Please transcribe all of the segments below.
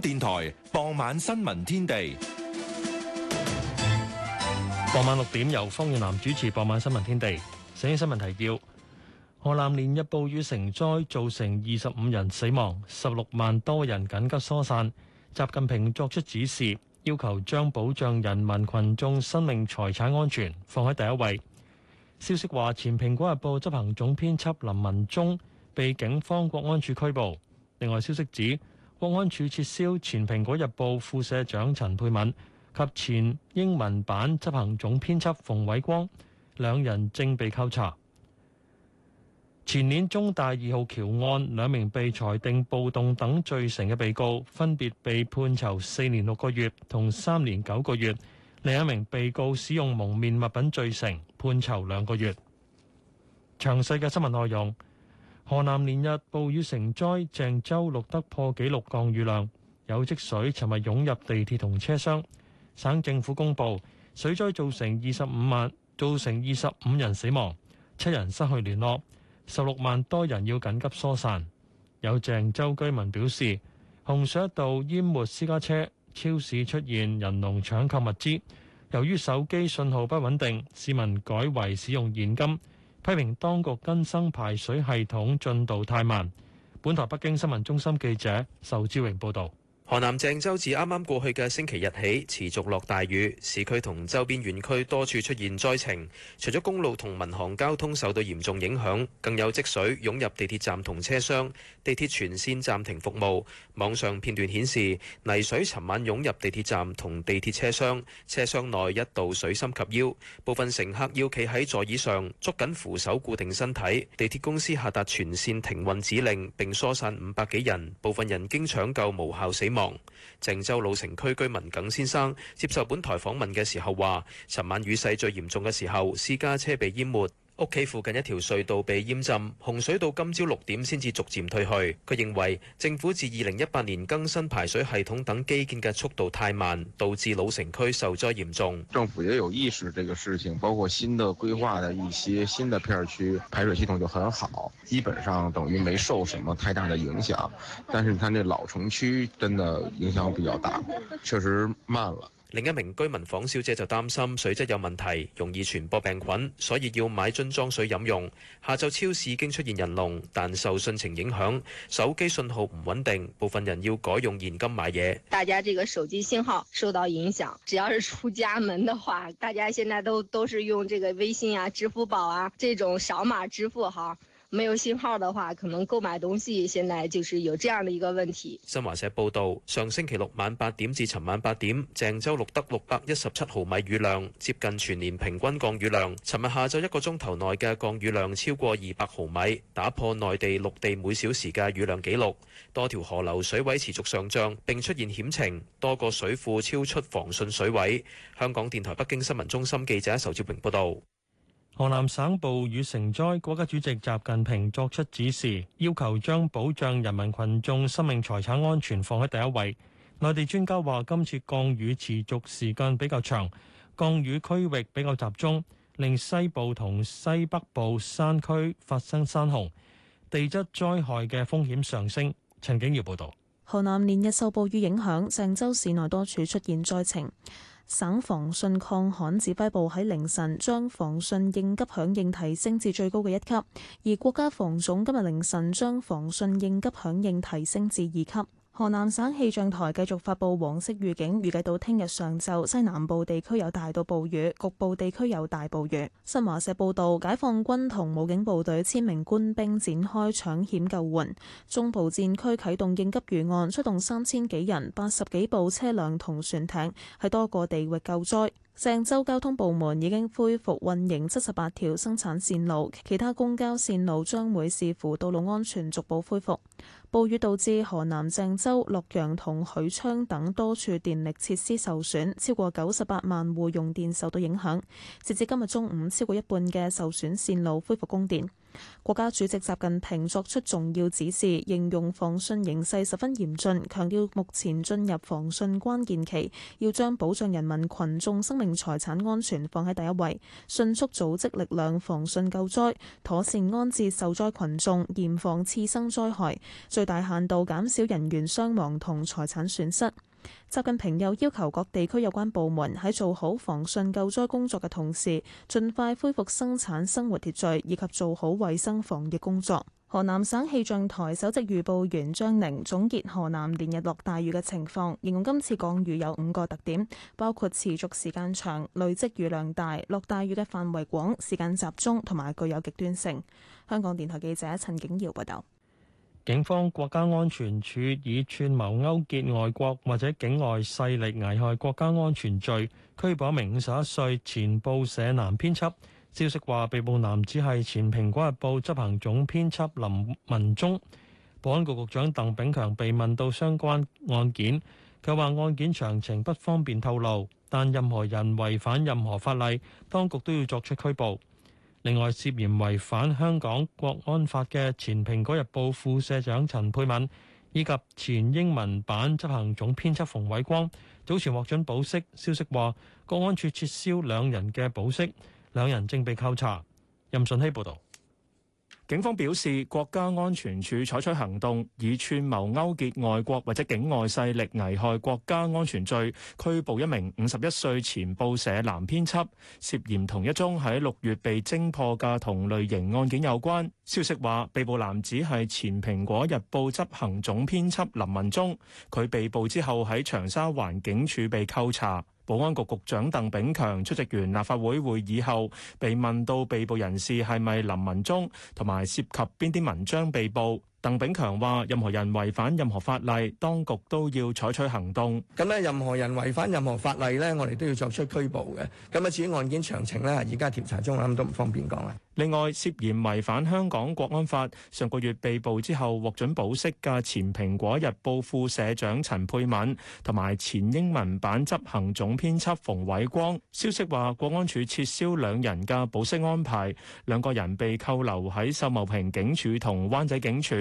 電台傍晚新聞天地，傍晚六點由方遠南主持。傍晚新聞天地，首先新聞提要：河南連日暴雨成災，造成二十五人死亡，十六萬多人緊急疏散。習近平作出指示，要求將保障人民群眾生命財產安全放喺第一位。消息話，前蘋果日報執行總編輯林文忠被警方國安處拘捕。另外，消息指，國安處撤銷前《蘋果日報》副社長陳佩敏及前英文版執行總編輯馮偉光，兩人正被扣查。前年中大二號橋案兩名被裁定暴動等罪成嘅被告，分別被判囚四年六個月同三年九個月，另一名被告使用蒙面物品罪成，判囚兩個月。詳細嘅新聞內容。河南連日暴雨成災，鄭州錄得破紀錄降雨量，有積水，尋日湧入地鐵同車廂。省政府公布，水災造成二十五萬，造成二十五人死亡，七人失去聯絡，十六萬多人要緊急疏散。有鄭州居民表示，洪水一度淹沒私家車，超市出現人龍搶購物資。由於手機信號不穩定，市民改為使用現金。批評當局更新排水系統進度太慢。本台北京新聞中心記者仇志榮報導。河南鄭州自啱啱過去嘅星期日起持續落大雨，市區同周邊園區多處出現災情。除咗公路同民航交通受到嚴重影響，更有積水湧入地鐵站同車廂，地鐵全線暫停服務，網上片段顯示泥水尋晚湧入地鐵站同地鐵車廂，車廂內一度水深及腰，部分乘客要企喺座椅上捉緊扶手固定身體。地鐵公司下達全線停運指令，並疏散五百幾人，部分人經搶救無效死亡。鄭州老城區居民耿先生接受本台訪問嘅時候話，尋晚雨勢最嚴重嘅時候，私家車被淹沒。屋企附近一條隧道被淹浸，洪水到今朝六點先至逐漸退去。佢認為政府自二零一八年更新排水系統等基建嘅速度太慢，導致老城區受災嚴重。政府也有意識這個事情，包括新的規劃的一些新的片區排水系統就很好，基本上等於沒受什麼太大的影響。但是你看，這老城區真的影響比較大，確實慢了。另一名居民房小姐就擔心水質有問題，容易傳播病菌，所以要買樽裝水飲用。下晝超市已經出現人龍，但受汛情影響，手機信號唔穩定，部分人要改用現金買嘢。大家這個手機信號受到影響，只要是出家門的話，大家現在都都是用這個微信啊、支付寶啊，這種掃碼支付哈。沒有信號的話，可能購買東西，現在就是有這樣的一個問題。新華社報道，上星期六晚八點至尋晚八點，鄭州錄得六百一十七毫米雨量，接近全年平均降雨量。尋日下晝一個鐘頭內嘅降雨量超過二百毫米，打破內地陸地，陸地每小時嘅雨量紀錄。多條河流水位持續上漲，並出現險情，多個水庫超出防汛水位。香港電台北京新聞中心記者仇志榮報道。河南省暴雨成災，國家主席習近平作出指示，要求將保障人民群眾生命財產安全放喺第一位。內地專家話，今次降雨持續時間比較長，降雨區域比較集中，令西部同西北部山區發生山洪、地質災害嘅風險上升。陳景瑤報道。河南連日受暴雨影響，鄭州市內多處出現災情。省防汛抗旱指揮部喺凌晨將防汛應急響應提升至最高嘅一級，而國家防總今日凌晨將防汛應急響應提升至二級。河南省氣象台繼續發佈黃色預警，預計到聽日上晝西南部地區有大到暴雨，局部地區有大暴雨。新華社報道，解放軍同武警部隊千名官兵展開搶險救援，中部戰區啟動應急預案，出動三千幾人、八十幾部車輛同船艇，喺多個地域救災。鄭州交通部門已經恢復運營七十八條生產線路，其他公交線路將會視乎道路安全逐步恢復。暴雨導致河南鄭州、洛陽同許昌等多處電力設施受損，超過九十八萬戶用電受到影響。截至今日中午，超過一半嘅受損線路恢復供電。國家主席習近平作出重要指示，形容防汛形勢十分嚴峻，強調目前進入防汛關鍵期，要將保障人民群眾生命財產安全放喺第一位，迅速組織力量防汛救災，妥善安置受災群眾，嚴防次生災害，最大限度減少人員傷亡同財產損失。習近平又要求各地區有關部門喺做好防汛救災工作嘅同時，盡快恢復生產生活秩序，以及做好衛生防疫工作。河南省氣象台首席預報員張寧總結河南連日落大雨嘅情況，形容今次降雨有五個特點，包括持續時間長、累積雨量大、落大雨嘅範圍廣、時間集中同埋具有極端性。香港電台記者陳景堯報道。警方國家安全處以串謀勾結外國或者境外勢力危害國家安全罪拘捕一名五十一歲前報社男編輯。消息話，被捕男子係前蘋果日報執行總編輯林文忠。保安局局長鄧炳強被問到相關案件，佢話案件詳情不方便透露，但任何人違反任何法例，當局都要作出拘捕。另外涉嫌違反香港國安法嘅前《蘋果日報》副社長陳佩敏，以及前英文版執行總編輯馮偉光，早前獲准保釋，消息話國安處撤銷兩人嘅保釋，兩人正被扣查。任順熙報道。警方表示，國家安全處採取行動，以串謀勾結外國或者境外勢力危害國家安全罪，拘捕一名五十一歲前報社男編輯，涉嫌同一宗喺六月被偵破嘅同類型案件有關。消息話，被捕男子係前《蘋果日報》執行總編輯林文忠。佢被捕之後喺長沙灣警署被扣查。保安局局長鄧炳強出席完立法會會議後，被問到被捕人士係咪林文忠，同埋涉及邊啲文章被捕。鄧炳強話：任何人違反任何法例，當局都要採取行動。咁咧，任何人違反任何法例咧，我哋都要作出拘捕嘅。咁啊，至於案件詳情咧，而家調查中，我諗都唔方便講啦。另外，涉嫌違反香港國安法，上個月被捕之後獲准保釋嘅前《蘋果日報》副社長陳佩敏，同埋前英文版執行總編輯馮偉光，消息話，國安處撤銷兩人嘅保釋安排，兩個人被扣留喺秀茂坪警署同灣仔警署。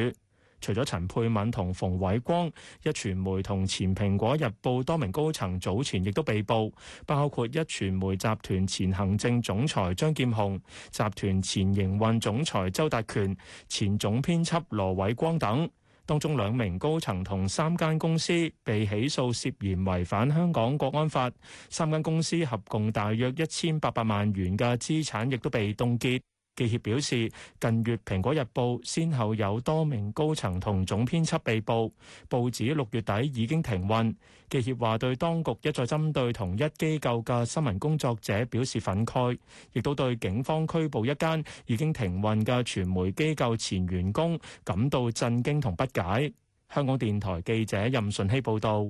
除咗陳佩敏同馮偉光，一傳媒同前蘋果日報多名高層早前亦都被捕，包括一傳媒集團前行政總裁張劍虹、集團前營運總裁周達權、前總編輯羅偉光等。當中兩名高層同三間公司被起訴涉嫌違反香港國安法，三間公司合共大約一千八百萬元嘅資產亦都被凍結。記協表示，近月《蘋果日報》先後有多名高層同總編輯被捕，報紙六月底已經停運。記協話，對當局一再針對同一機構嘅新聞工作者表示憤慨，亦都對警方拘捕一間已經停運嘅傳媒機構前員工感到震驚同不解。香港電台記者任順希報道：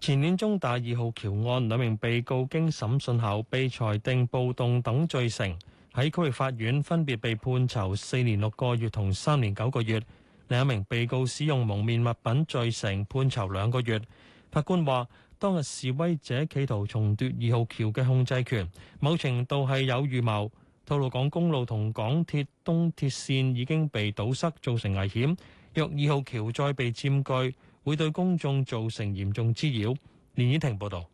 前年中大二號橋案，兩名被告經審訊後被裁定暴動等罪成。喺區域法院分別被判囚四年六個月同三年九個月，另一名被告使用蒙面物品罪成判囚兩個月。法官話：當日示威者企圖重奪二號橋嘅控制權，某程度係有預謀。吐露港公路同港鐵東鐵線已經被堵塞，造成危險。若二號橋再被佔據，會對公眾造成嚴重滋擾。連綺婷報道。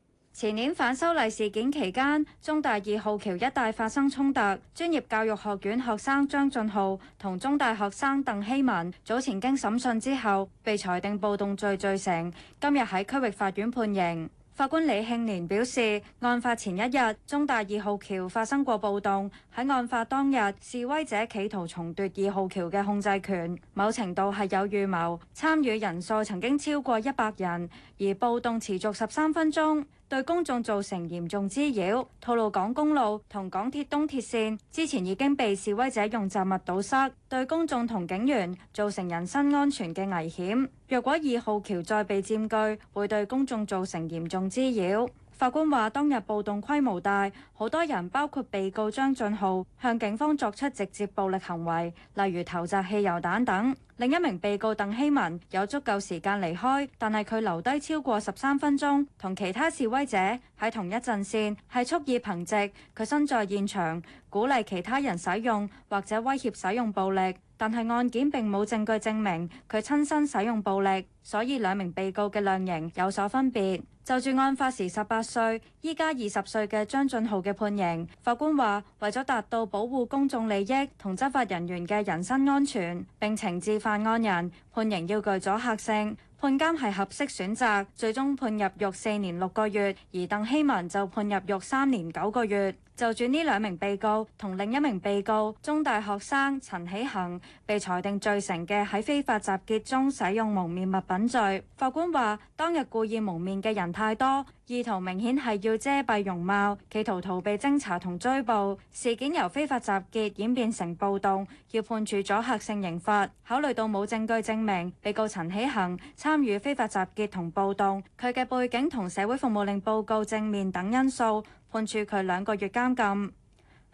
前年反修例事件期間，中大二號橋一帶發生衝突，專業教育學院學生張俊浩同中大學生鄧希文早前經審訊之後被裁定暴動罪罪成，今日喺區域法院判刑。法官李慶年表示，案發前一日中大二號橋發生過暴動，喺案發當日示威者企圖重奪二號橋嘅控制權，某程度係有預謀，參與人數曾經超過一百人，而暴動持續十三分鐘。對公眾造成嚴重滋擾，吐露港公路同港鐵東鐵線之前已經被示威者用雜物堵塞，對公眾同警員造成人身安全嘅危險。若果二號橋再被佔據，會對公眾造成嚴重滋擾。法官話：當日暴動規模大，好多人包括被告張俊浩向警方作出直接暴力行為，例如投擲汽油彈等。另一名被告鄧希文有足夠時間離開，但係佢留低超過十三分鐘，同其他示威者喺同一陣線，係蓄意憑藉佢身在現場鼓勵其他人使用或者威脅使用暴力。但係案件並冇證據證明佢親身使用暴力。所以兩名被告嘅量刑有所分別。就住案發時十八歲，依家二十歲嘅張俊豪嘅判刑，法官話為咗達到保護公眾利益同執法人員嘅人身安全，並懲治犯案人，判刑要具阻嚇性。判監係合適選擇，最終判入獄四年六個月，而鄧希文就判入獄三年九個月。就住呢兩名被告同另一名被告中大學生陳喜恒，被裁定罪成嘅喺非法集結中使用蒙面物品罪，法官話當日故意蒙面嘅人太多。意圖明顯係要遮蔽容貌，企圖逃避偵查同追捕。事件由非法集結演變成暴動，要判處阻嚇性刑罰。考慮到冇證據證明被告陳喜恒參與非法集結同暴動，佢嘅背景同社會服務令報告正面等因素，判處佢兩個月監禁。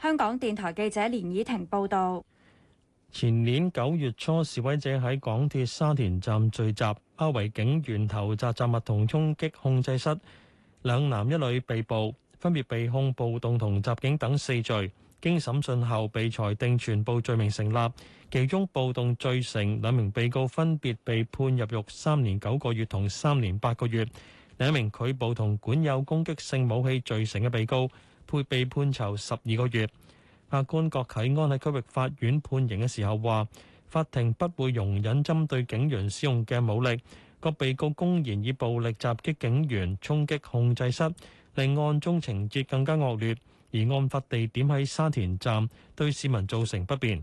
香港電台記者連以婷報導。前年九月初，示威者喺港鐵沙田站聚集，包圍警員投擲雜物同衝擊控制室。兩男一女被捕，分別被控暴動同襲警等四罪。經審訊後，被裁定全部罪名成立。其中暴動罪成，兩名被告分別被判入獄三年九個月同三年八個月。另一名拒捕同管有攻擊性武器罪成嘅被告，被被判囚十二個月。法官郭啟安喺區域法院判刑嘅時候話：法庭不會容忍針對警員使用嘅武力。個被告公然以暴力襲擊警員，衝擊控制室，令案中情節更加惡劣。而案發地點喺沙田站，對市民造成不便。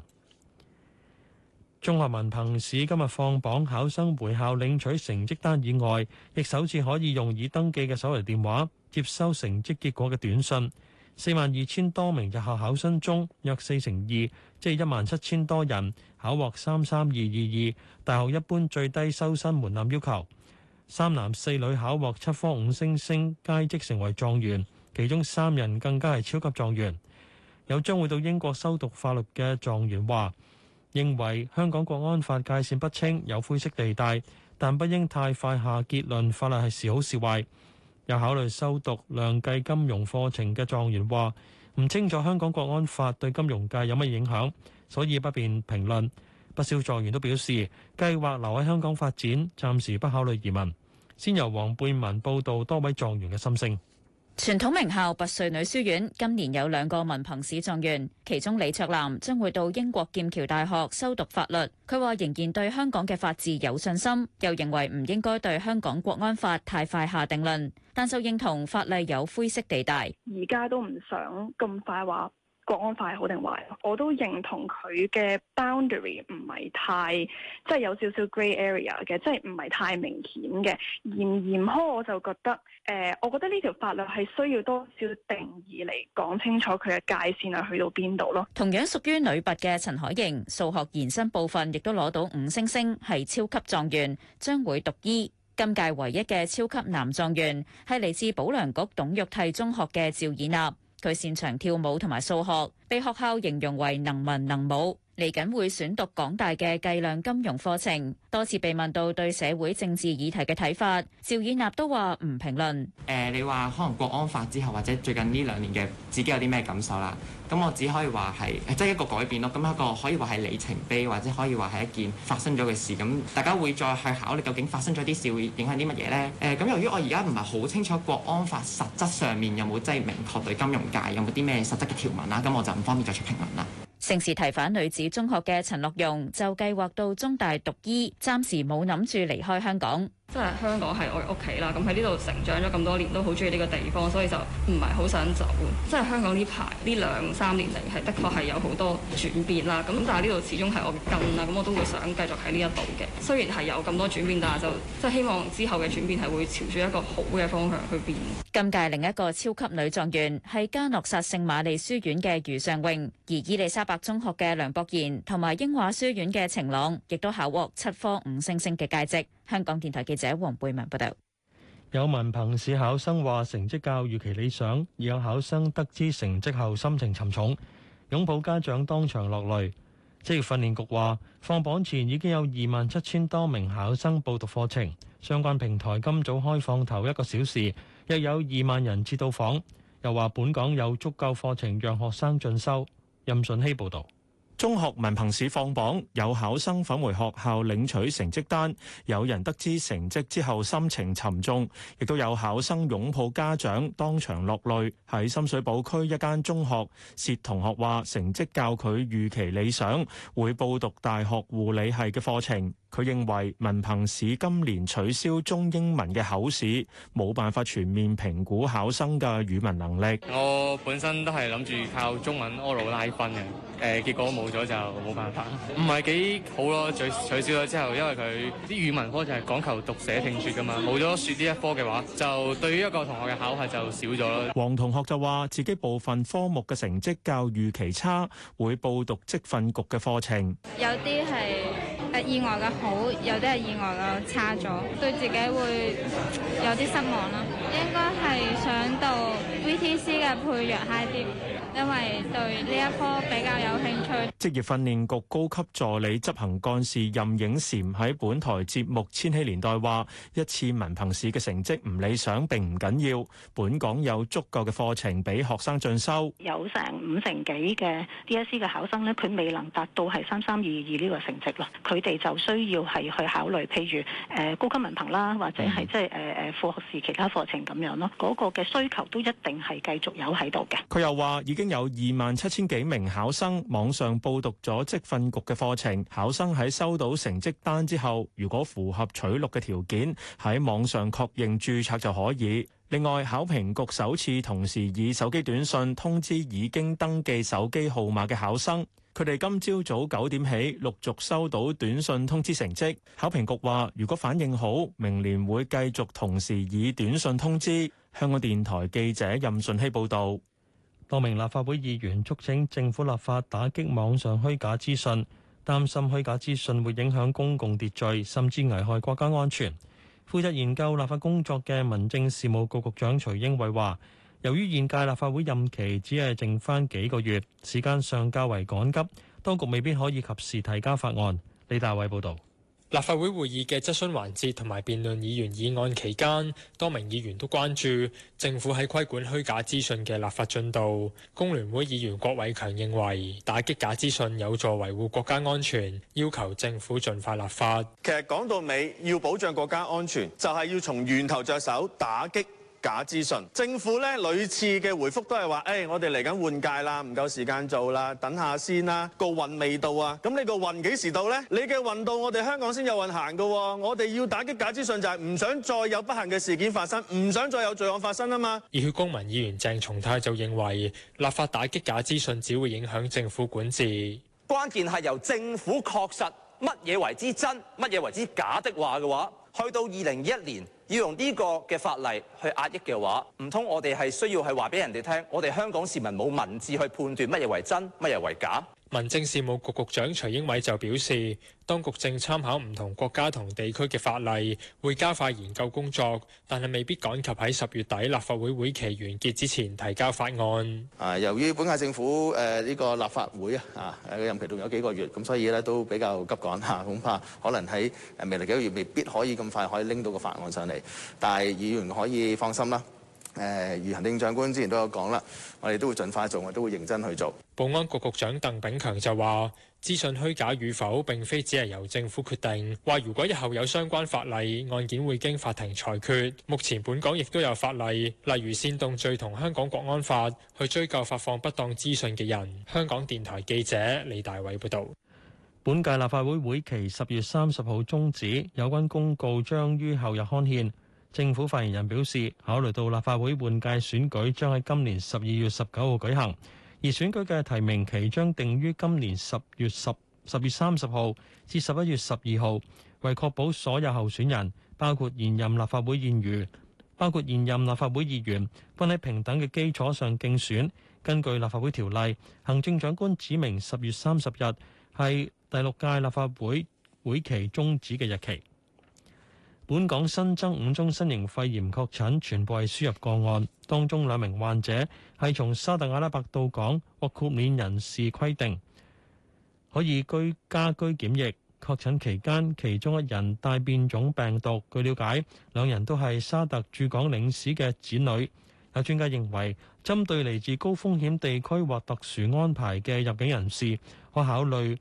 中學文憑試今日放榜，考生回校領取成績單以外，亦首次可以用已登記嘅手提電話接收成績結果嘅短信。四萬二千多名日校考生中，約四成二，即係一萬七千多人考獲三三二二二大學一般最低收生門檻要求。三男四女考獲七科五星星，皆即成為狀元，其中三人更加係超級狀元。有將會到英國修讀法律嘅狀元話，認為香港國安法界線不清，有灰色地帶，但不應太快下結論，法律係時好時壞。有考慮修讀量計金融課程嘅狀元話：唔清楚香港國安法對金融界有乜影響，所以不便評論。不少狀元都表示計劃留喺香港發展，暫時不考慮移民。先由黃貝文報道多位狀元嘅心聲。傳統名校拔萃女書院今年有兩個文憑試狀元，其中李卓男將會到英國劍橋大學修讀法律。佢話仍然對香港嘅法治有信心，又認為唔應該對香港國安法太快下定論，但就認同法例有灰色地帶，而家都唔想咁快話。國安法係好定壞？我都認同佢嘅 boundary 唔係太即係有少少 gray area 嘅，即係唔係太明顯嘅。嚴嚴苛我就覺得，誒、呃，我覺得呢條法律係需要多少定義嚟講清楚佢嘅界線係去到邊度咯。同樣屬於女拔嘅陳海瑩，數學延伸部分亦都攞到五星星，係超級狀元，將會讀醫。今屆唯一嘅超級男狀元係嚟自保良局董玉娣中學嘅趙以納。佢擅長跳舞同埋數學，被學校形容為能文能武。嚟緊會選讀港大嘅計量金融課程，多次被問到對社會政治議題嘅睇法，趙爾納都話唔評論。誒、呃，你話可能國安法之後，或者最近呢兩年嘅自己有啲咩感受啦？咁我只可以話係，即、就、係、是、一個改變咯。咁一個可以話係里程碑，或者可以話係一件發生咗嘅事。咁大家會再去考慮究竟發生咗啲事會影響啲乜嘢咧？誒、呃，咁由於我而家唔係好清楚國安法實質上面有冇即係明確對金融界有冇啲咩實質嘅條文啦，咁我就唔方便作出評論啦。聖士提反女子中學嘅陳樂融就計劃到中大讀醫，暫時冇諗住離開香港。即係香港係我屋企啦，咁喺呢度成長咗咁多年，都好中意呢個地方，所以就唔係好想走。即係香港呢排呢兩三年嚟係的確係有好多轉變啦，咁但係呢度始終係我嘅根啦，咁我都會想繼續喺呢一度嘅。雖然係有咁多轉變，但係就即係希望之後嘅轉變係會朝住一個好嘅方向去變。今屆另一個超級女狀元係加諾薩聖瑪利書院嘅余尚穎，而伊利沙伯中學嘅梁博賢同埋英華書院嘅晴朗，亦都考獲七科五星星嘅佳績。香港電台記者黃貝文報道，有文憑試考生話成績較預期理想，而有考生得知成績後心情沉重，擁抱家長當場落淚。職業訓練局話，放榜前已經有二萬七千多名考生報讀課程，相關平台今早開放頭一個小時，約有二萬人次到訪。又話本港有足夠課程讓學生進修。任順熙報道。中學文憑試放榜，有考生返回學校領取成績單，有人得知成績之後心情沉重，亦都有考生擁抱家長，當場落淚。喺深水埗區一間中學，薛同學話成績較佢預期理想，會報讀大學護理系嘅課程。佢認為文憑試今年取消中英文嘅口試，冇辦法全面評估考生嘅語文能力。我本身都係諗住靠中文 oral 拉分嘅，誒、呃、結果冇咗就冇辦法，唔係幾好咯。取取消咗之後，因為佢啲語文科就係講求讀寫聽説噶嘛，冇咗説呢一科嘅話，就對於一個同學嘅考核就少咗啦。黃同學就話自己部分科目嘅成績較預期差，會報讀職訓局嘅課程。有啲係意外嘅好，有啲係意外嘅差咗，對自己會有啲失望啦。應該係想到 VTC 嘅配弱 high 啲。因為對呢一科比較有興趣。職業訓練局高級助理執行幹事任影嬋喺本台節目《千禧年代》話：一次文憑試嘅成績唔理想並唔緊要，本港有足夠嘅課程俾學生進修。有成五成幾嘅 DSE 嘅考生呢，佢未能達到係三三二二呢個成績咯，佢哋就需要係去考慮，譬如誒高級文憑啦，或者係即係誒誒副學士其他課程咁樣咯，嗰個嘅需求都一定係繼續有喺度嘅。佢又話已經。有二萬七千幾名考生網上報讀咗職訓局嘅課程，考生喺收到成績單之後，如果符合取錄嘅條件，喺網上確認註冊就可以。另外，考評局首次同時以手機短信通知已經登記手機號碼嘅考生，佢哋今朝早九點起陸續收到短信通知成績。考評局話，如果反應好，明年會繼續同時以短信通知。香港電台記者任順希報道。多名立法會議員，促請政府立法打擊網上虛假資訊，擔心虛假資訊會影響公共秩序，甚至危害國家安全。負責研究立法工作嘅民政事務局局長，立法會會議嘅質詢環節同埋辯論議員議案期間，多名議員都關注政府喺規管虛假資訊嘅立法進度。工聯會議員郭偉強認為，打擊假資訊有助維護國家安全，要求政府盡快立法。其實講到尾，要保障國家安全，就係要從源頭着手打擊。假資訊，政府咧屢次嘅回覆都係話，誒、哎，我哋嚟緊換屆啦，唔夠時間做啦，等下先啦，個運未到啊！咁呢個運幾時到呢？你嘅運到，我哋香港先有運行㗎喎。我哋要打擊假資訊，就係唔想再有不幸嘅事件發生，唔想再有罪案發生啊嘛。而熱血公民議員鄭松泰就認為，立法打擊假資訊只會影響政府管治。關鍵係由政府確實乜嘢為之真，乜嘢為之假的話嘅話，去到二零二一年，要用呢個嘅法例去壓抑嘅話，唔通我哋係需要係話俾人哋聽，我哋香港市民冇文字去判斷乜嘢為真，乜嘢為假？民政事務局局長徐英偉就表示，當局正參考唔同國家同地區嘅法例，會加快研究工作，但係未必趕及喺十月底立法會會期完結之前提交法案。由於本屆政府這個立法會，任期仲有幾個月，所以都比較急趕，恐怕可能喺未來幾個月未必可以咁快可以拎到個法案上來，但係議員可以放心啦。誒，余、呃、行政長官之前都有講啦，我哋都會盡快做，我都會認真去做。保安局局長鄧炳強就話：資訊虛假與否並非只係由政府決定。話如果日後有相關法例，案件會經法庭裁決。目前本港亦都有法例，例如煽動罪同香港國安法，去追究發放不當資訊嘅人。香港電台記者李大偉報導。本屆立法會會期十月三十號終止，有關公告將於後日刊憲。政府發言人表示，考慮到立法會換屆選舉將喺今年十二月十九號舉行，而選舉嘅提名期將定於今年十月十十月三十號至十一月十二號，為確保所有候選人，包括現任立法會議員，包括現任立法會議員，均喺平等嘅基礎上競選。根據《立法會條例》，行政長官指明十月三十日係第六屆立法會會期終止嘅日期。本港新增五宗新型肺炎確診，全部係輸入個案。當中兩名患者係從沙特阿拉伯到港，獲豁免人士規定可以居家居檢疫。確診期間其中一人帶變種病毒。據了解，兩人都係沙特駐港領事嘅子女。有專家認為針對嚟自高風險地區或特殊安排嘅入境人士，可考慮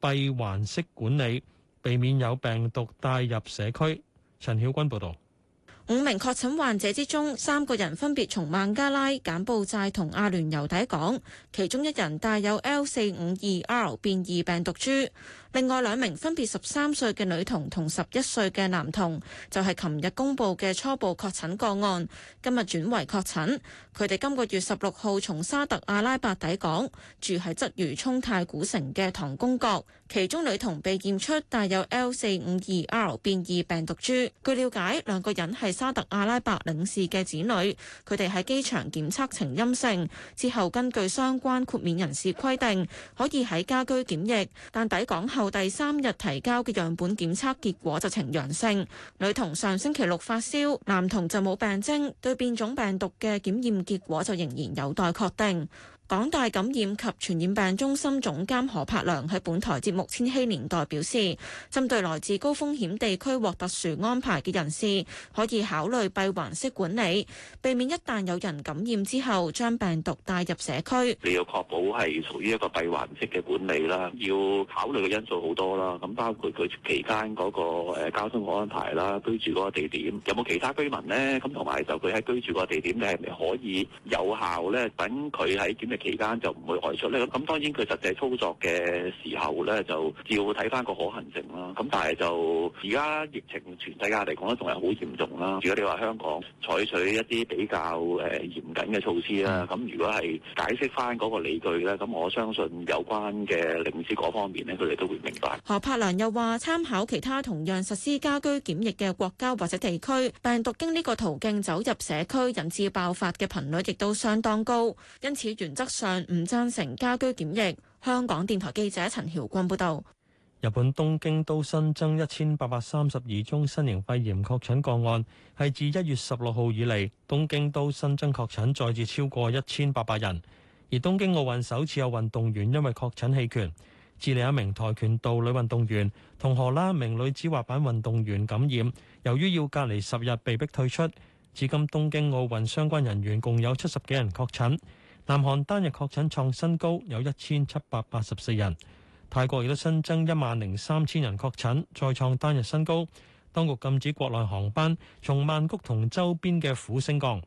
閉環式管理，避免有病毒帶入社區。陳曉君報道。S oto 五名確診患者之中，三個人分別從孟加拉、柬埔寨同阿聯酋抵港，其中一人帶有 L 四五二 R 變異病毒株，另外兩名分別十三歲嘅女童同十一歲嘅男童，就係琴日公布嘅初步確診個案，今日轉為確診。佢哋今個月十六號從沙特阿拉伯抵港，住喺鰂魚涌太古城嘅唐宮閣，其中女童被驗出帶有 L 四五二 R 變異病毒株。據了解，兩個人係沙特阿拉伯領事嘅子女，佢哋喺機場檢測呈陰性，之後根據相關豁免人士規定，可以喺家居檢疫，但抵港後第三日提交嘅樣本檢測結果就呈陽性。女童上星期六發燒，男童就冇病徵，對變種病毒嘅檢驗結果就仍然有待確定。港大感染及傳染病中心總監何柏良喺本台節目《千禧年代》表示，針對來自高風險地區或特殊安排嘅人士，可以考慮閉環式管理，避免一旦有人感染之後將病毒帶入社區。你要確保係屬於一個閉環式嘅管理啦，要考慮嘅因素好多啦。咁包括佢期間嗰個誒交通安排啦，居住嗰個地點有冇其他居民咧？咁同埋就佢喺居住個地點，你係咪可以有效咧等佢喺檢疫，期間就唔會外出咧。咁當然佢實際操作嘅時候咧，就要睇翻個可行性啦。咁但係就而家疫情全世界嚟講咧，仲係好嚴重啦。如果你話香港採取一啲比較誒嚴謹嘅措施啦，咁如果係解釋翻嗰個理據咧，咁我相信有關嘅領事嗰方面呢，佢哋都會明白。何柏良又話：參考其他同樣實施家居檢疫嘅國家或者地區，病毒經呢個途徑走入社區，引致爆發嘅頻率亦都相當高。因此原則上唔贊成家居檢疫。香港電台記者陳曉君報道，日本東京都新增一千八百三十二宗新型肺炎確診個案，係自一月十六號以嚟東京都新增確診再至超過一千八百人。而東京奧運首次有運動員因為確診棄權，智利一名跆拳道女運動員同荷蘭一名女子滑板運動員感染，由於要隔離十日，被迫退出。至今東京奧運相關人員共有七十幾人確診。南韓單日確診創新高，有一千七百八十四人。泰國亦都新增一萬零三千人確診，再創單日新高。當局禁止國內航班從曼谷同周邊嘅府升降。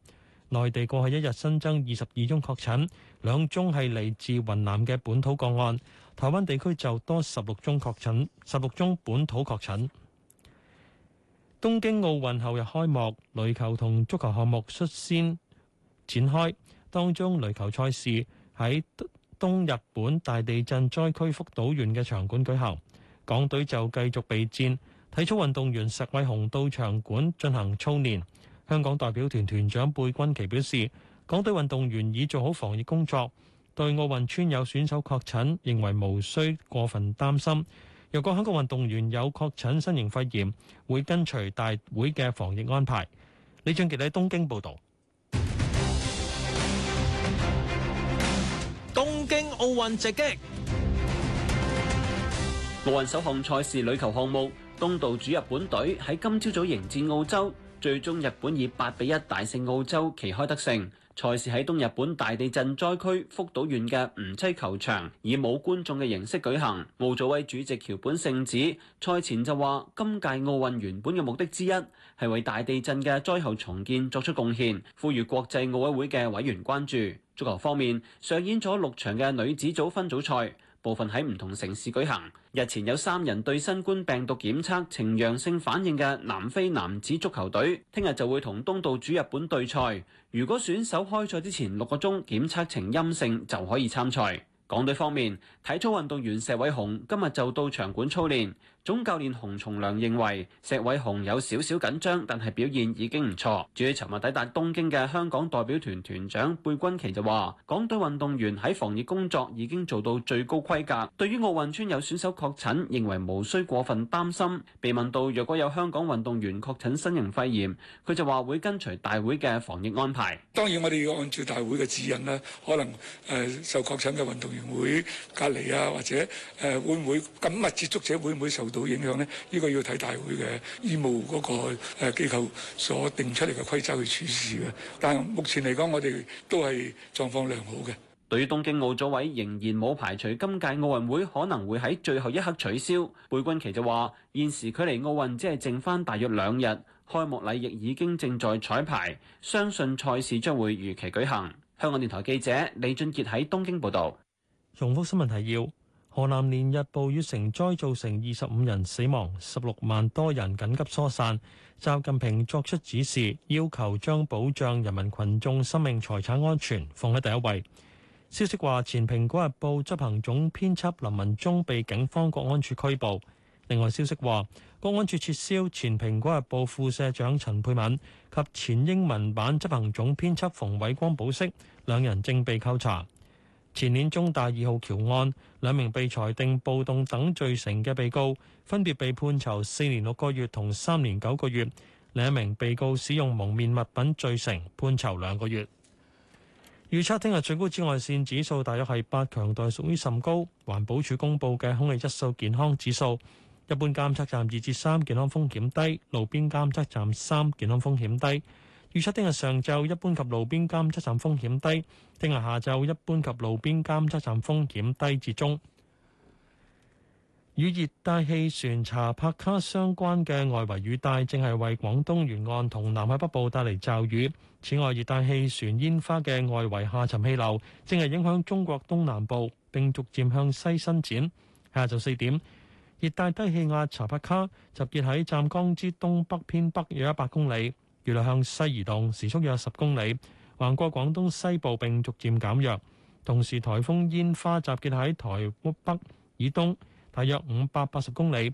內地過去一日新增二十二宗確診，兩宗係嚟自雲南嘅本土個案。台灣地區就多十六宗確診，十六宗本土確診。東京奧運後日開幕，壘球同足球項目率先展開。當中壘球賽事喺東日本大地震災區福島縣嘅場館舉行，港隊就繼續備戰。體操運動員石偉雄到場館進行操練。香港代表團團長貝君琪表示，港隊運動員已做好防疫工作，對奧運村有選手確診，認為無需過分擔心。若果香港運動員有確診新型肺炎，會跟隨大會嘅防疫安排。李俊傑喺東京報導。奧運直擊，奧運首項賽事壘球項目，東道主日本隊喺今朝早迎戰澳洲，最終日本以八比一大勝澳洲，旗開得勝。賽事喺東日本大地震災區福島縣嘅吳妻球場，以冇觀眾嘅形式舉行。奧組委主席橋本聖子賽前就話，今屆奧運原本嘅目的之一係為大地震嘅災後重建作出貢獻，呼籲國際奧委會嘅委員關注。足球方面，上演咗六場嘅女子組分組賽，部分喺唔同城市舉行。日前有三人對新冠病毒檢測呈陽性反應嘅南非男子足球隊，聽日就會同東道主日本對賽。如果選手開賽之前六個鐘檢測呈陰性，就可以參賽。港隊方面，體操運動員石偉雄今日就到場館操練。總教練洪松良認為石偉雄有少少緊張，但係表現已經唔錯。至於尋日抵達東京嘅香港代表團團長貝鈞奇就話，港隊運動員喺防疫工作已經做到最高規格。對於奧運村有選手確診，認為無需過分擔心。被問到若果有香港運動員確診新型肺炎，佢就話會跟隨大會嘅防疫安排。當然我哋要按照大會嘅指引啦。可能誒、呃、受確診嘅運動員會隔離啊，或者誒、呃、會唔會緊密接觸者會唔會受到影響呢，呢個要睇大會嘅醫務嗰個誒機構所定出嚟嘅規則去處事嘅。但目前嚟講，我哋都係狀況良好嘅。對於東京奧組委，仍然冇排除今屆奧運會可能會喺最後一刻取消。貝君奇就話：現時距離奧運只係剩翻大約兩日，開幕禮亦已經正在彩排，相信賽事將會如期舉行。香港電台記者李俊傑喺東京報道。重複新聞提要。河南連日暴雨，成災造成二十五人死亡，十六萬多人緊急疏散。習近平作出指示，要求將保障人民群眾生命財產安全放喺第一位。消息話，前蘋果日報執行總編輯林文宗被警方國安處拘捕。另外消息話，國安處撤銷前蘋果日報副社長陳沛敏及前英文版執行總編輯馮偉光保釋，兩人正被扣查。前年中大二號橋案，兩名被裁定暴動等罪成嘅被告，分別被判囚四年六個月同三年九個月。另一名被告使用蒙面物品罪成，判囚兩個月。預測聽日最高紫外線指數大約係八，強度屬於甚高。環保署公佈嘅空氣質素健康指數，一般監測站二至三，健康風險低；路邊監測站三，健康風險低。預測聽日上晝一般及路邊監測站風險低，聽日下晝一般及路邊監測站風險低至中。與熱帶氣旋查帕卡相關嘅外圍雨帶正係為廣東沿岸同南海北部帶嚟驟雨。此外，熱帶氣旋煙花嘅外圍下沉氣流正係影響中國東南部，並逐漸向西伸展。下晝四點，熱帶低氣壓查帕卡集結喺湛江之東北偏北約一百公里。預料向西移動，時速約十公里，橫過廣東西部並逐漸減弱。同時，台風煙花集結喺台北以東，大約五百八十公里，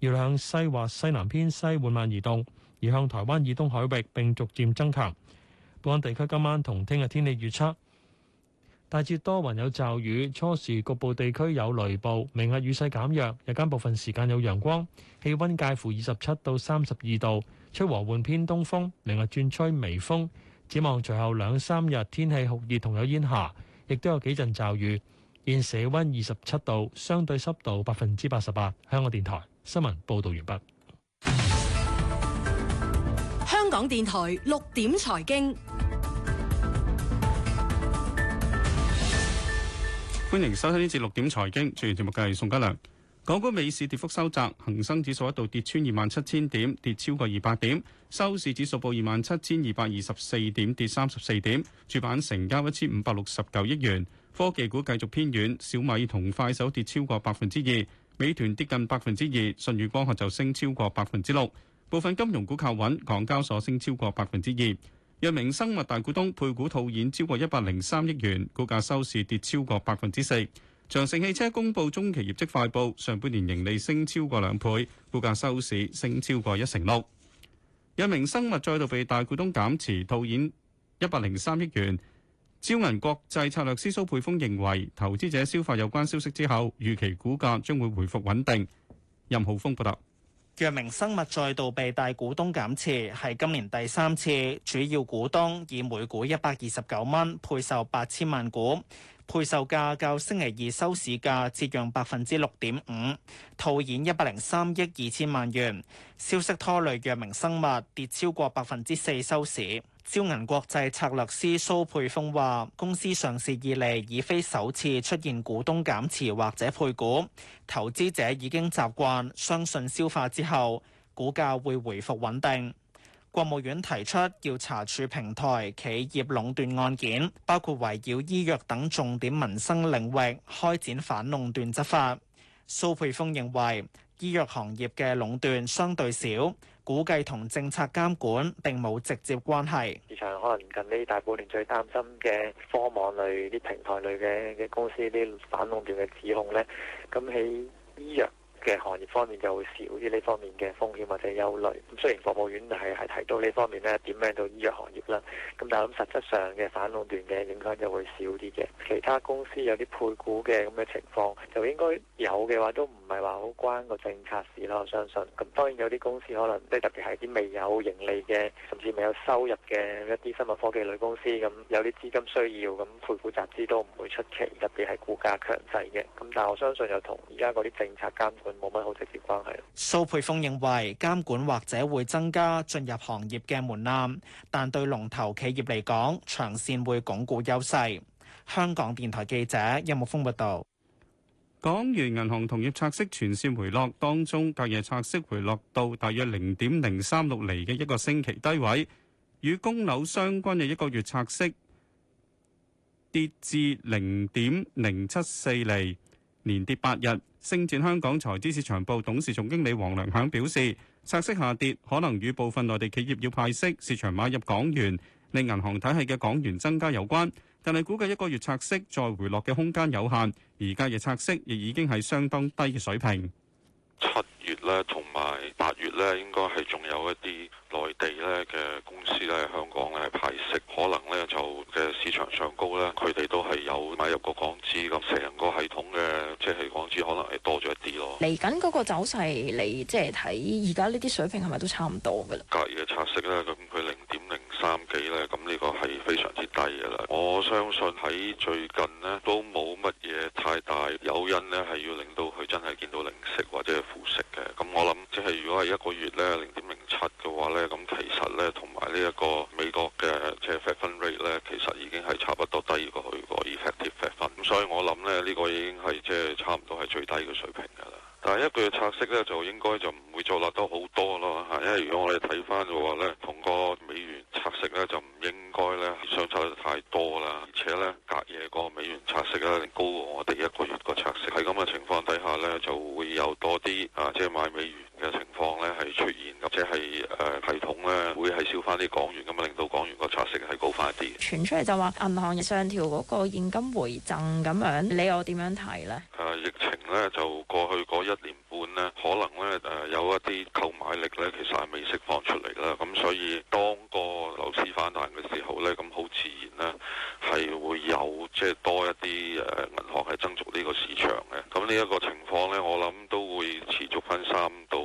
預料向西或西南偏西緩慢移動，移向台灣以東海域並逐漸增強。本港地區今晚同聽日天氣預測：大致多雲有驟雨，初時局部地區有雷暴，明日雨勢減弱，日間部分時間有陽光，氣溫介乎二十七到三十二度。吹和緩偏東風，另外轉吹微風，展望隨後兩三日天氣酷熱同有煙霞，亦都有幾陣驟雨。現時溫二十七度，相對濕度百分之八十八。香港電台新聞報道完畢。香港電台六點財經，歡迎收聽呢節六點財經，主持節目嘅係宋嘉良。港股尾市跌幅收窄，恒生指數一度跌穿二萬七千點，跌超過二百點，收市指數報二萬七千二百二十四點，跌三十四點，主板成交一千五百六十九億元，科技股繼續偏軟，小米同快手跌超過百分之二，美團跌近百分之二，舜宇光學就升超過百分之六。部分金融股靠穩，港交所升超過百分之二。藥明生物大股東配股套現超過一百零三億元，股價收市跌超過百分之四。長城汽車公布中期業績快報，上半年盈利升超過兩倍，股價收市升超過一成六。藥明生物再度被大股東減持套現一百零三億元。招銀國際策略師蘇佩峰認為，投資者消化有關消息之後，預期股價將會回復穩定。任浩峰報道：藥明生物再度被大股東減持，係今年第三次，主要股東以每股一百二十九蚊配售八千萬股。配售價較星期二收市價折讓百分之六點五，套現一百零三億二千萬元。消息拖累藥明生物跌超過百分之四收市。招銀國際策略師蘇佩峰話，公司上市以嚟已非首次出現股東減持或者配股，投資者已經習慣，相信消化之後股價會回復穩定。國務院提出要查處平台企業壟斷案件，包括圍繞醫藥等重點民生領域開展反壟斷執法。蘇佩峰認為，醫藥行業嘅壟斷相對少，估計同政策監管並冇直接關係。市場可能近呢大半年最擔心嘅科網類、啲平台類嘅嘅公司啲反壟斷嘅指控咧，咁喺醫藥。嘅行業方面就會少啲呢方面嘅風險或者憂慮。咁雖然國務院係係提到呢方面咧，點名到醫藥行業啦。咁但係咁實質上嘅反壟斷嘅影響就會少啲嘅。其他公司有啲配股嘅咁嘅情況，就應該有嘅話都唔係話好關個政策事咯，我相信。咁當然有啲公司可能即係特別係啲未有盈利嘅，甚至未有收入嘅一啲生物科技類公司咁，有啲資金需要咁，配股集資都唔會出奇，特別係股價強勢嘅。咁但係我相信就同而家嗰啲政策監冇乜好直接關係。蘇佩峰認為監管或者會增加進入行業嘅門檻，但對龍頭企業嚟講，長線會鞏固優勢。香港電台記者任木峯報道。港元銀行同業拆息全線回落，當中隔夜拆息回落到大約零點零三六厘嘅一個星期低位，與供樓相關嘅一個月拆息跌至零點零七四厘。連跌八日，星展香港財資市場部董事總經理黃良響表示，拆息下跌可能與部分內地企業要派息、市場買入港元，令銀行體系嘅港元增加有關。但係估計一個月拆息再回落嘅空間有限，而家嘅拆息亦已經係相當低嘅水平。七月咧，同埋八月咧，應該係仲有一啲。係咧嘅公司咧，香港咧排息可能咧就嘅市場上高咧，佢哋都係有買入個港資，咁，成個系統嘅即係港資可能係多咗一啲咯。嚟緊嗰個走勢，你即係睇而家呢啲水平係咪都差唔多㗎啦？隔夜嘅拆息咧，咁佢零點零三幾咧，咁呢個係非常之低嘅啦。我相信喺最近呢，都冇乜嘢太大誘因咧，係要令到佢真係見到零息或者係負息嘅。咁我諗即係如果係一個月咧零點。嘅話咧，咁其實咧，同埋呢一個美國嘅即係 inflation rate 咧，其實已經係差不多低過佢個 effective inflation。咁所以我諗咧，呢個已經係即係差唔多係最低嘅水平㗎啦。但係一個月拆息咧，就應該就唔會再落得好多咯。嚇，因為如果我哋睇翻嘅話咧，同個美元拆息咧就唔應該咧相差得太多啦。而且咧隔夜個美元拆息咧高過我哋一個月嘅拆息，喺咁嘅情況底下咧，就會有多啲啊，即係買美元。況咧係出現，或者係誒系統咧會係少翻啲港元咁啊，令到港元個拆息係高翻啲。傳出嚟就話銀行上調嗰個現金回贈咁樣，你又點樣睇呢？誒、啊，疫情咧就過去嗰一年半呢，可能咧誒、呃、有一啲購買力咧其實係未釋放出嚟啦。咁所以當個樓市反彈嘅時候咧，咁好自然呢係會有即係、就是、多一啲誒、啊、銀行係爭取呢個市場嘅。咁呢一個情況咧，我諗都會持續分三到。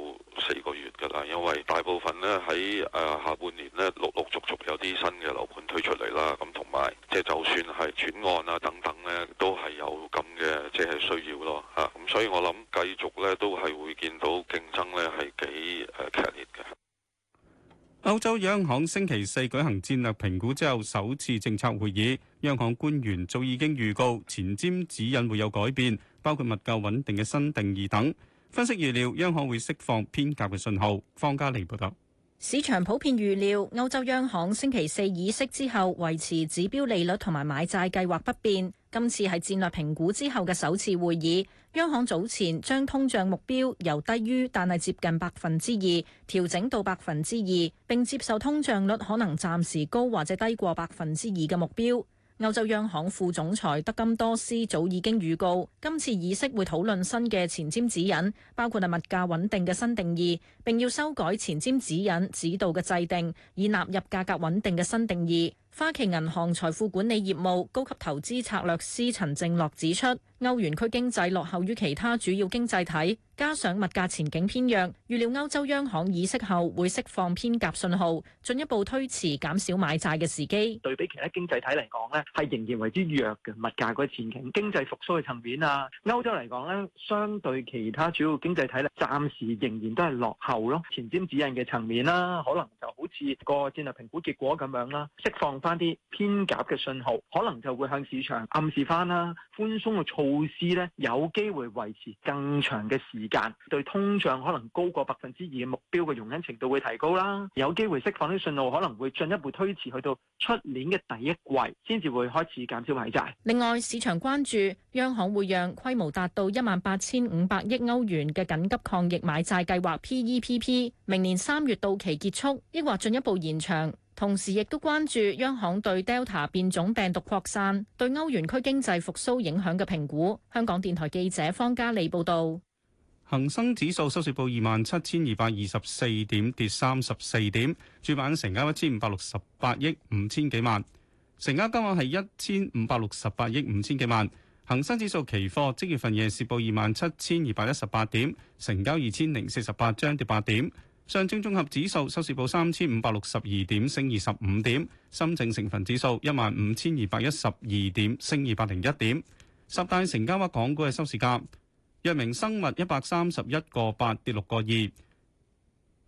四個月嘅啦，因為大部分咧喺誒下半年咧陸陸續續有啲新嘅樓盤推出嚟啦，咁同埋即係就算係轉案啊等等咧，都係有咁嘅即係需要咯吓，咁所以我諗繼續咧都係會見到競爭咧係幾誒劇烈嘅。歐洲央行星期四舉行戰略評估之後首次政策會議，央行官員早已經預告前瞻指引會有改變，包括物價穩定嘅新定義等。分析預料，央行會釋放偏鴿嘅信號。方家莉報導，市場普遍預料歐洲央行星期四議息之後維持指標利率同埋買債計劃不變。今次係戰略評估之後嘅首次會議，央行早前將通脹目標由低於但係接近百分之二調整到百分之二，並接受通脹率可能暫時高或者低過百分之二嘅目標。歐洲央行副總裁德金多斯早已經預告，今次議息會討論新嘅前瞻指引，包括係物價穩定嘅新定義，並要修改前瞻指引指導嘅制定，以納入價格穩定嘅新定義。花旗銀行財富管理業務高級投資策略師陳正樂指出。歐元區經濟落後於其他主要經濟體，加上物價前景偏弱，預料歐洲央行議息後會釋放偏鴿信號，進一步推遲減少買債嘅時機。對比其他經濟體嚟講呢，係仍然為之弱嘅物價個前景，經濟復蘇嘅層面啊。歐洲嚟講呢，相對其他主要經濟體呢，暫時仍然都係落後咯。前瞻指引嘅層面啦，可能就好似個戰略評估結果咁樣啦，釋放翻啲偏鴿嘅信號，可能就會向市場暗示翻啦，寬鬆嘅措。措施呢，有機會維持更長嘅時間，對通脹可能高過百分之二嘅目標嘅容忍程度會提高啦。有機會釋放啲信號，可能會進一步推遲去到出年嘅第一季先至會開始減少買債。另外，市場關注央行會讓規模達到一萬八千五百億歐元嘅緊急抗疫買債計劃 PEPP 明年三月到期結束，抑或進一步延長。同時亦都關注央行對 Delta 變種病毒擴散對歐元區經濟復甦影響嘅評估。香港電台記者方嘉莉報導。恒生指數收市報二萬七千二百二十四點，跌三十四點。主板成交一千五百六十八億五千幾萬。成交金額係一千五百六十八億五千幾萬。恒生指數期貨即月份夜市報二萬七千二百一十八點，成交二千零四十八張，跌八點。上證綜合指數收市報三千五百六十二點，升二十五點；深證成分指數一萬五千二百一十二點，升二百零一點。十大成交額港股嘅收市價：藥明生物一百三十一個八跌六個二；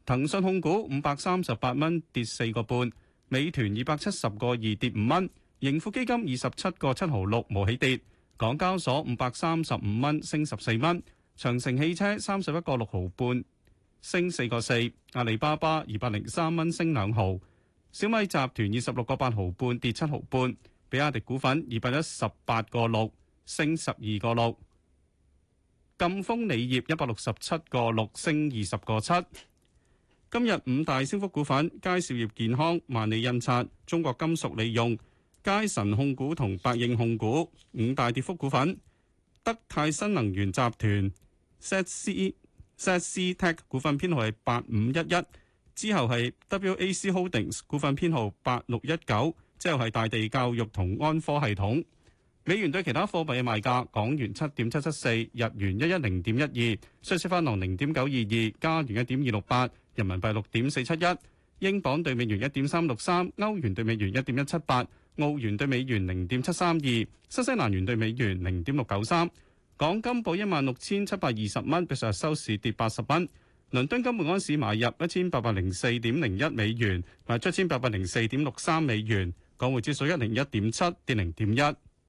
騰訊控股五百三十八蚊跌四個半；美團二百七十個二跌五蚊；盈富基金二十七個七毫六冇起跌；港交所五百三十五蚊升十四蚊；長城汽車三十一個六毫半。升四個四，阿里巴巴二百零三蚊升兩毫，小米集團二十六個八毫半跌七毫半，比亞迪股份二百一十八個六升十二個六，贛鋒鋰業一百六十七個六升二十個七。今日五大升幅股份：佳兆業健康、萬利印刷、中國金屬利用、佳神控股同百應控股。五大跌幅股份：德泰新能源集團、setc。SasTech 股份編號係八五一一，之後係 WAC Holdings 股份編號八六一九，之後係大地教育同安科系統。美元對其他貨幣嘅賣價：港元七點七七四，日元一一零點一二，瑞士法郎零點九二二，加元一點二六八，人民幣六點四七一，英鎊對美元一點三六三，歐元對美元一點一七八，澳元對美元零點七三二，新西蘭元對美元零點六九三。港金報一萬六千七百二十蚊，比上日收市跌八十蚊。倫敦金每盎司買入一千八百零四點零一美元，賣出一千八百零四點六三美元。港匯指數一零一點七，跌零點一。